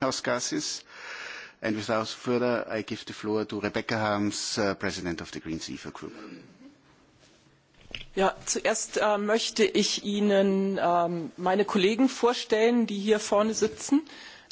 greenhouse gases. And without further, I give the floor to Rebecca Harms, President of the Green EFA Group. zuerst möchte ich Ihnen meine Kollegen vorstellen, die hier vorne sitzen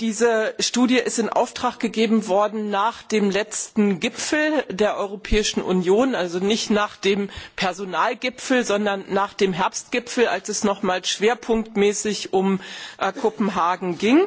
diese studie ist in auftrag gegeben worden nach dem letzten gipfel der europäischen union also nicht nach dem personalgipfel sondern nach dem herbstgipfel als es nochmals schwerpunktmäßig um kopenhagen ging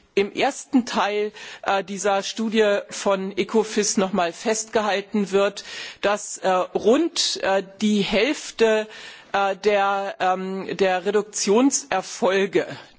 im ersten teil dieser studie von ecofin noch einmal festgehalten wird dass rund die hälfte der reduktionserfolge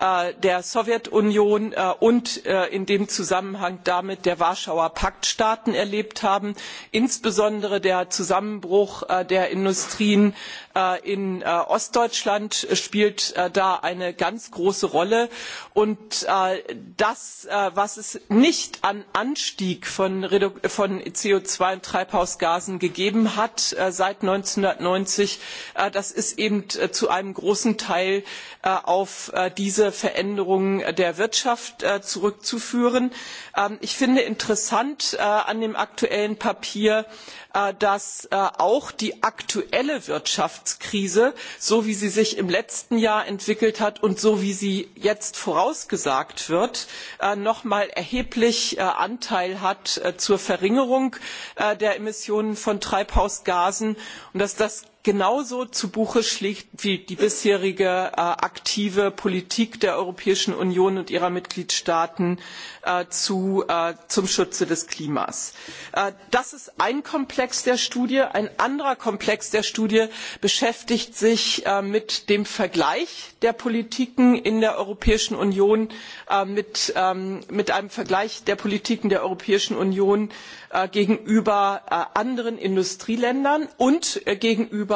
der sowjetunion und in dem zusammenhang damit der warschauer pakt staaten erlebt haben insbesondere der zusammenbruch der industrien in ostdeutschland spielt da eine ganz große rolle und das was es nicht an anstieg von co zwei und treibhausgasen gegeben hat seit eintausendneunhundertneunzig das ist eben zu einem großen teil auf diese veränderungen der wirtschaft zurückzuführen. ich finde interessant an dem aktuellen papier dass auch die aktuelle wirtschaftskrise so wie sie sich im letzten jahr entwickelt hat und so wie sie jetzt vorausgesagt wird noch einmal erheblich anteil hat zur verringerung der emissionen von treibhausgasen und dass das genauso zu buche schlägt wie die bisherige aktive politik der europäischen union und ihrer mitgliedstaaten zum schutze des klimas. das ist ein komplex der studie. ein anderer komplex der studie beschäftigt sich mit dem vergleich der politiken in der europäischen union mit einem vergleich der politiken der europäischen union gegenüber anderen industrieländern und gegenüber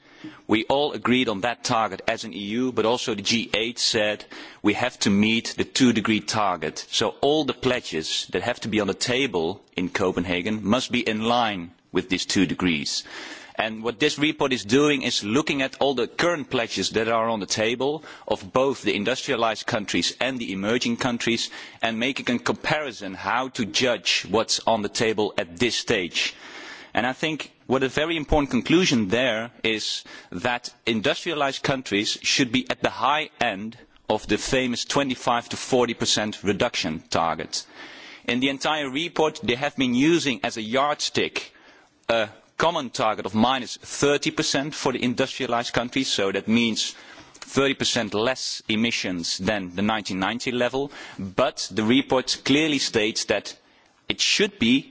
We all agreed on that target as an EU, but also the g eight said we have to meet the two-degree target. So all the pledges that have to be on the table in Copenhagen must be in line with these two degrees. And what this report is doing is looking at all the current pledges that are on the table of both the industrialised countries and the emerging countries and making a comparison how to judge what is on the table at this stage i think what a very important conclusion there is that industrialised countries should be at the high end of the famous twenty five to forty reduction target. in the entire report they have been using as a yardstick a common target of minus thirty for the industrialised countries so that means thirty less emissions than the ninety level but the report clearly states that it should be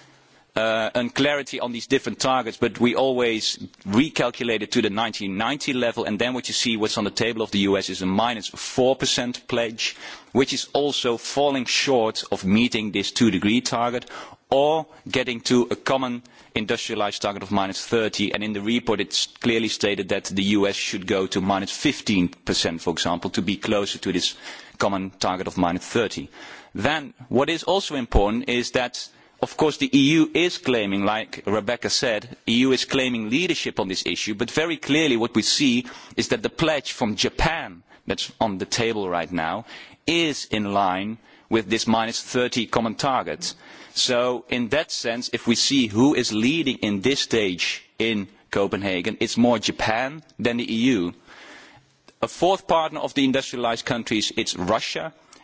and clarity on these different targets, but we always recalculate it to the ninety level, and then what you see what's on the table of the U.S. is a minus 4% pledge, which is also falling short of meeting this two-degree target or getting to a common industrialised target of minus 30, and in the report it's clearly stated that the U.S. should go to minus 15%, for example, to be closer to this common target of minus 30. Then what is also important is that of course the eu is claiming like rebecca said the eu is claiming leadership on this issue but very clearly what we see is that the pledge from japan that is on the table right now is in line with this minus thirty common target so in that sense if we see who is leading in this stage in copenhagen it is more japan than the eu a fourth partner of the industrialised countries is russia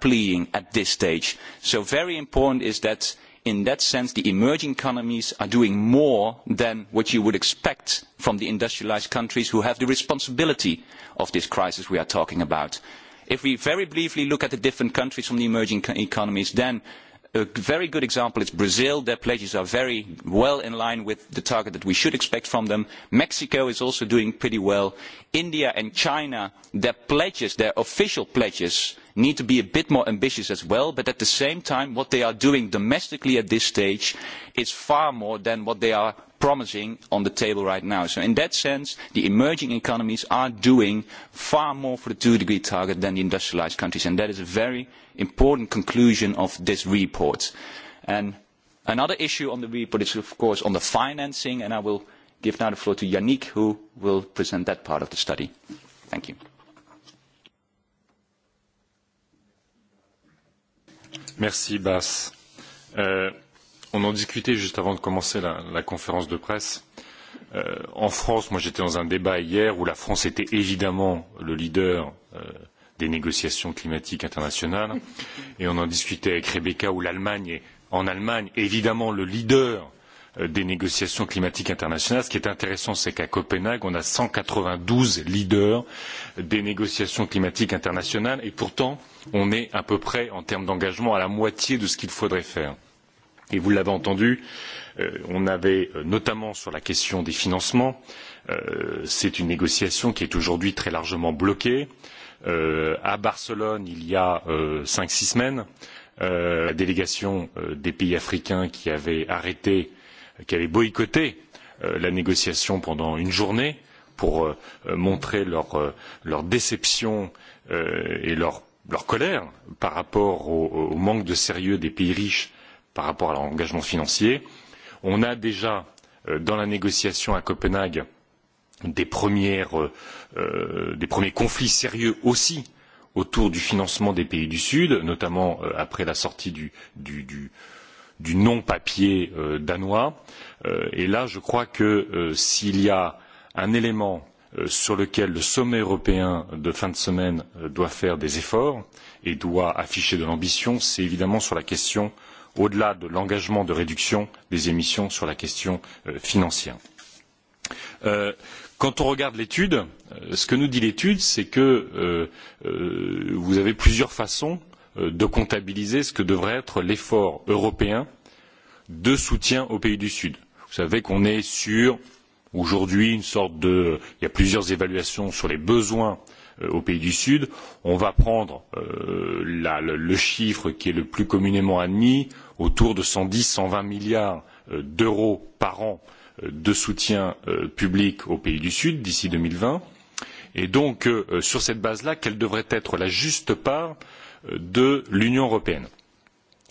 pleading at this stage. So very important is that in that sense the emerging economies are doing more than what you would expect from the industrialised countries who have the responsibility of this crisis we are talking about. If we very briefly look at the different countries from the emerging economies, then a very good example is Brazil. Their pledges are very well in line with the target that we should expect from them. Mexico is also doing pretty well. India and China, their pledges, their official pledges, need to be a bit more ambitious as well. But at the same time, what they are doing domestically at this stage is far more than what they are promising on the table right now. So in that sense, the emerging economies are doing far more for the two-degree target than the industrialised countries. And that is a very important conclusion of this report. another issue on the report is, of course, on the financing. And I will give now the floor to Yannick, who will present that part of the study. Thank you. Merci Bas. on en discutait juste avant de commencer la, conférence de presse. en France, moi j'étais dans un débat hier où la France était évidemment le leader des négociations climatiques internationales et on en discutait avec Rebecca où l'Allemagne est en Allemagne évidemment le leader des négociations climatiques internationales. Ce qui est intéressant, c'est qu'à Copenhague, on a cent quatre-vingt-douze leaders des négociations climatiques internationales et pourtant, on est à peu près, en termes d'engagement, à la moitié de ce qu'il faudrait faire. Et vous l'avez entendu, on avait notamment sur la question des financements, c'est une négociation qui est aujourd'hui très largement bloquée. à Barcelone, il y a cinq six semaines, la délégation des pays africains qui avait arrêté qui avaient boycotté la négociation pendant une journée pour montrer leur, déception et leur, colère par rapport au, manque de sérieux des pays riches par rapport à leur engagement financier. On a déjà dans la négociation à Copenhague des, premiers conflits sérieux aussi autour du financement des pays du Sud, notamment après la sortie du, du non papier danois et là je crois que s'il y a un élément sur lequel le sommet européen de fin de semaine doit faire des efforts et doit afficher de l'ambition, c'est évidemment sur la question, au delà de l'engagement de réduction des émissions, sur la question financière. quand on regarde l'étude, ce que nous dit l'étude, c'est que vous avez plusieurs façons euh, de comptabiliser ce que devrait être l'effort européen de soutien aux pays du Sud. Vous savez qu'on est sur aujourd'hui une sorte de il y a plusieurs évaluations sur les besoins aux pays du Sud. On va prendre le, chiffre qui est le plus communément admis, autour de cent dix, cent vingt milliards d'euros par an de soutien public aux pays du Sud d'ici deux mille vingt. Et donc, sur cette base-là, quelle devrait être la juste part de l'Union européenne.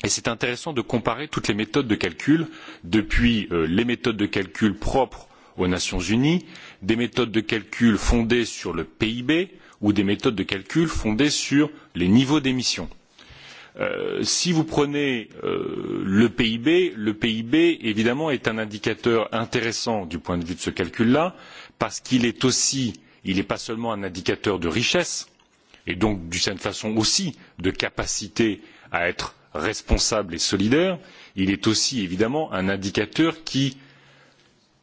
Et c'est intéressant de comparer toutes les méthodes de calcul, depuis les méthodes de calcul propres aux Nations unies, des méthodes de calcul fondées sur le PIB ou des méthodes de calcul fondées sur les niveaux d'émissions. si vous prenez le PIB, le PIB évidemment est un indicateur intéressant du point de vue de ce calcul-là, parce qu'il est aussi, il n'est pas seulement un indicateur de richesse, et donc d'une certaine façon aussi de capacité à être responsable et solidaire, il est aussi évidemment un indicateur qui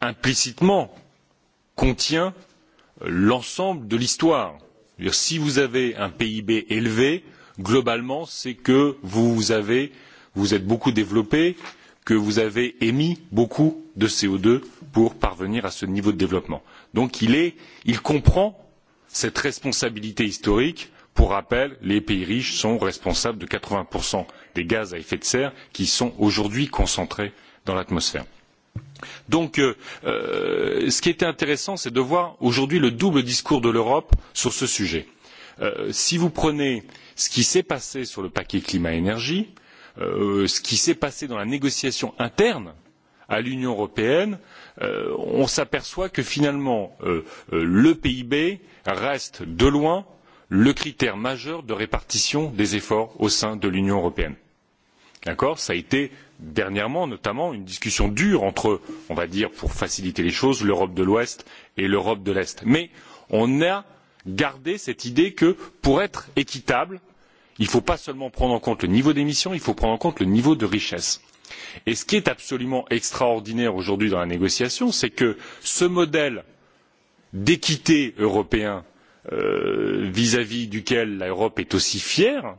implicitement contient l'ensemble de l'histoire. Si vous avez un PIB élevé, globalement, c'est que vous avez, vous êtes beaucoup développé, que vous avez émis beaucoup de co deux pour parvenir à ce niveau de développement. Donc il comprend cette responsabilité historique pour rappel les pays riches sont responsables de quatre vingts des gaz à effet de serre qui sont aujourd'hui concentrés dans l'atmosphère. donc ce qui était intéressant c'est de voir aujourd'hui le double discours de l'europe sur ce sujet. si vous prenez ce qui s'est passé sur le paquet climat énergie ce qui s'est passé dans la négociation interne à l'Union européenne, on s'aperçoit que finalement le PIB reste de loin le critère majeur de répartition des efforts au sein de l'Union européenne. D'accord Ça a été dernièrement notamment une discussion dure entre, on va dire, pour faciliter les choses, l'Europe de l'Ouest et l'Europe de l'Est. Mais on a gardé cette idée que pour être équitable, il ne faut pas seulement prendre en compte le niveau d'émission, il faut prendre en compte le niveau de richesse. Et ce qui est absolument extraordinaire aujourd'hui dans la négociation, c'est que ce modèle d'équité européen vis à vis duquel l'europe est aussi fière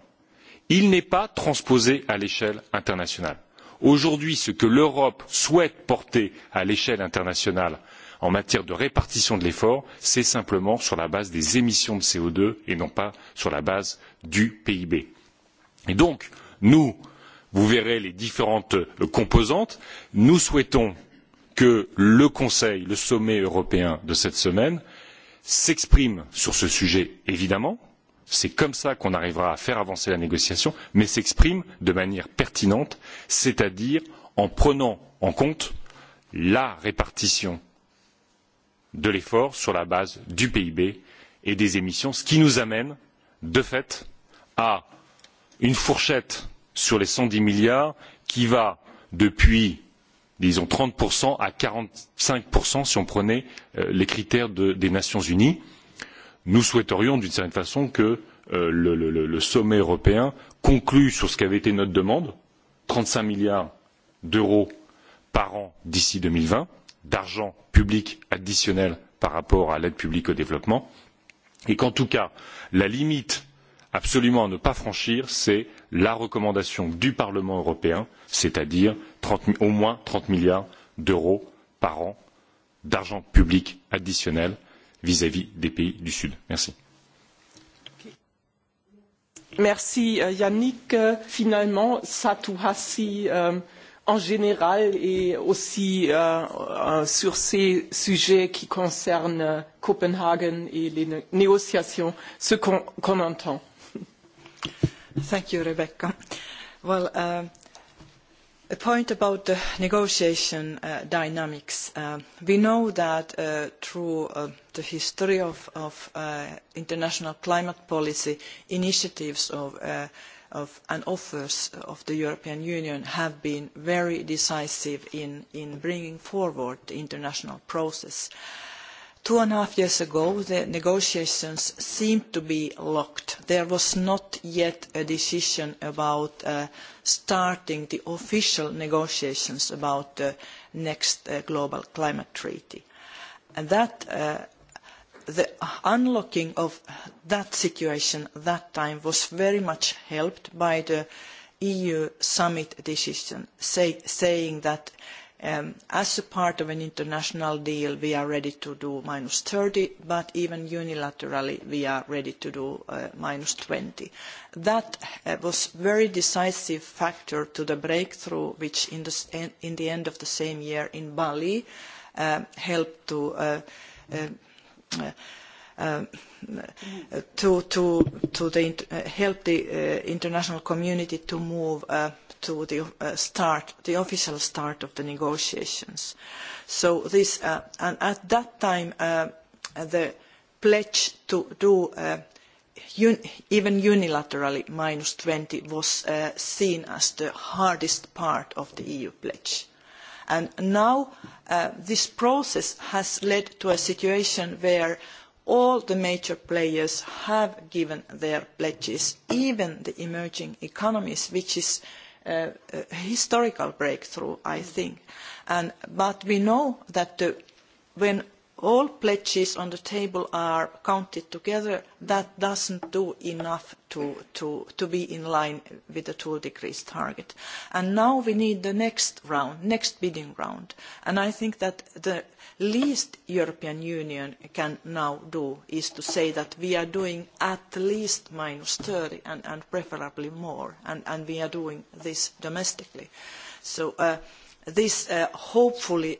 il n'est pas transposé à l'échelle internationale. aujourd'hui ce que l'europe souhaite porter à l'échelle internationale en matière de répartition de l'effort c'est simplement sur la base des émissions de co deux et non pas sur la base du pib. et donc nous vous verrez les différentes composantes. Nous souhaitons que le Conseil, le sommet européen de cette semaine, s'exprime sur ce sujet, évidemment. C'est comme cela qu'on arrivera à faire avancer la négociation, mais s'exprime de manière pertinente, c'est-à-dire en prenant en compte la répartition de l'effort sur la base du PIB et des émissions, ce qui nous amène, de fait, à une fourchette sur les cent dix milliards qui va depuis disons trente à quarante cinq si on prenait les critères des nations unies. nous souhaiterions d'une certaine façon que le sommet européen conclue sur ce qu'avait été notre demande trente cinq milliards d'euros par an d'ici deux mille vingt d'argent public additionnel par rapport à l'aide publique au développement et qu'en tout cas la limite absolument à ne pas franchir, c'est la recommandation du Parlement européen, c'est-à-dire au moins trente milliards d'euros par an d'argent public additionnel vis à vis des pays du Sud. Merci. Merci Yannick. Finalement, Satou Hassi, en général et aussi sur ces sujets qui concernent Copenhague et les négociations, ce qu'on entend. Thank you, Rebecca. Well, uh, a point about the negotiation dynamics. we know that through the history of, international climate policy, initiatives and offers of the European Union have been very decisive in, bringing forward the international process. Uh, Two and a half years ago, the negotiations seemed to be locked. There was not yet a decision about starting the official negotiations about the next global climate treaty. that, the unlocking of that situation at that time was very much helped by the EU summit decision saying that as a part of an international deal, we are ready to do minus 30, but even unilaterally, we are ready to do minus 20. That was a very decisive factor to the breakthrough, which in the end of the same year in Bali, helped to help the international community to move to the start, the official start of the negotiations. So this, and at that time, the pledge to do even unilaterally minus twenty was seen as the hardest part of the EU pledge. And now this process has led to a situation where all the major players have given their pledges, even the emerging economies, which is a historical breakthrough, I think. but we know that when all pledges on the table are counted together, that doesn't do enough to be in line with the two degrees target. And Now we need the next round, next bidding round. and I think that the least European Union can now do is to say that we are doing at least minus thirty and preferably more, and we are doing this domestically. So This hopefully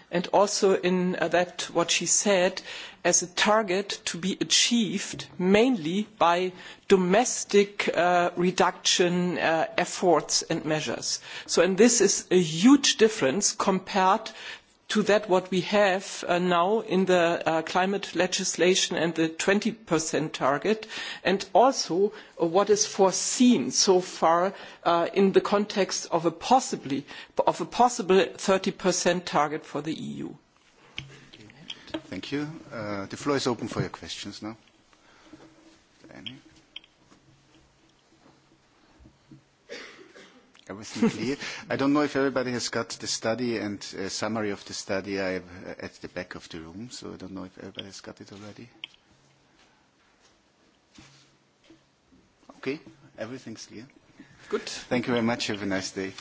and also in that what she said as a target to be achieved mainly by domestic reduction efforts and measures. So and this is a huge difference compared to that what we have now in the climate legislation and the 20% target, and also what is foreseen so far in the context of a possibly of a possible 30% target for the EU. Thank you. the floor is open for your questions now. Any? I clear. I don't know if everybody has got the study and a summary of the study I have at the back of the room, so I don't know if everybody has got it already. Okay, everything's clear. Good. Thank you very much. Have a nice day.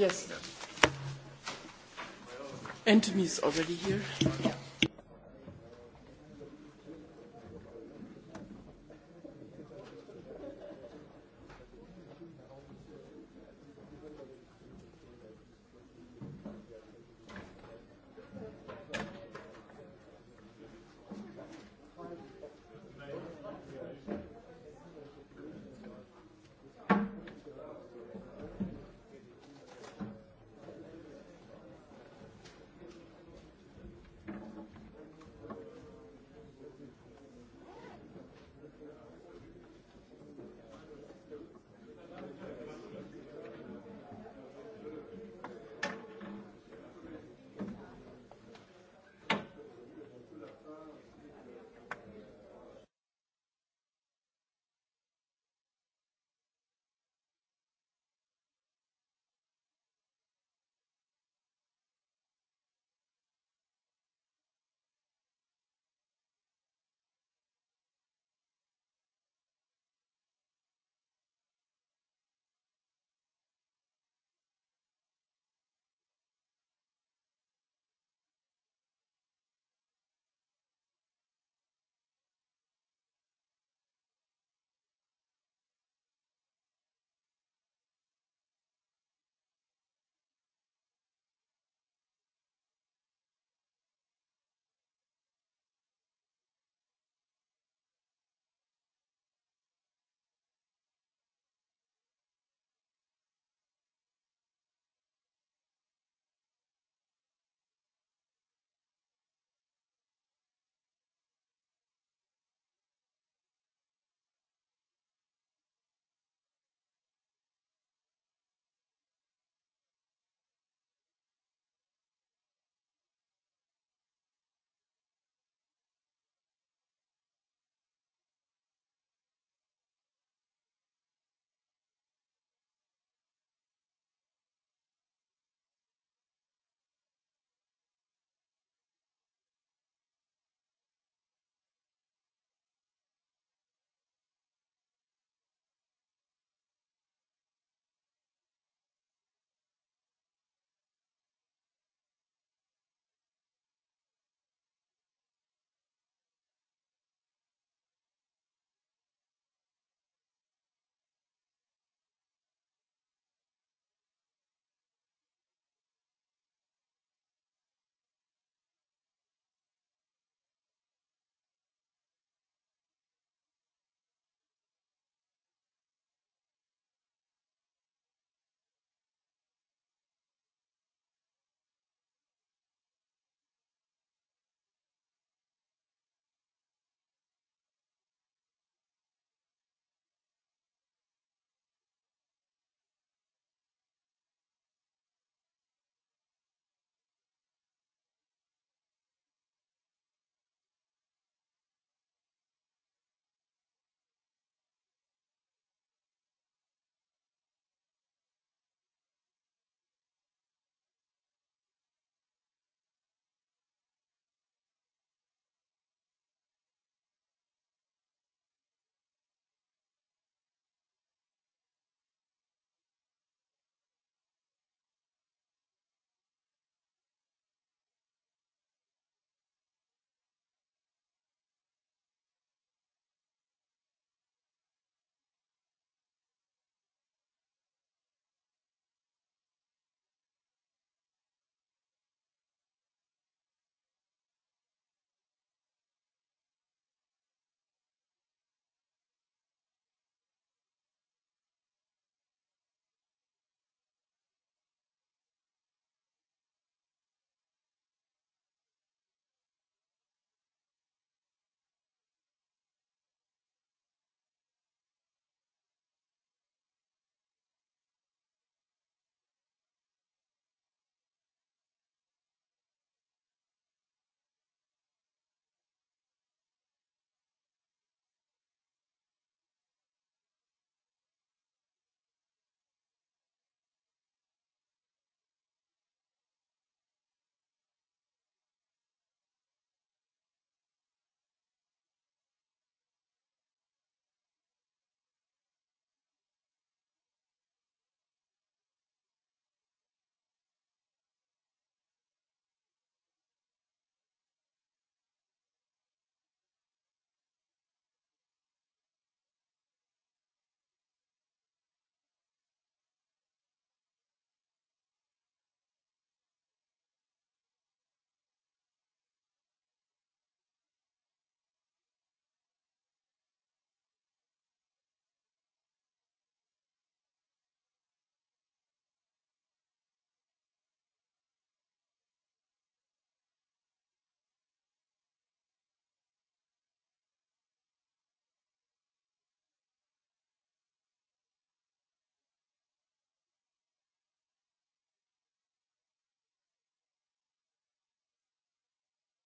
Yes. Anthony is already here.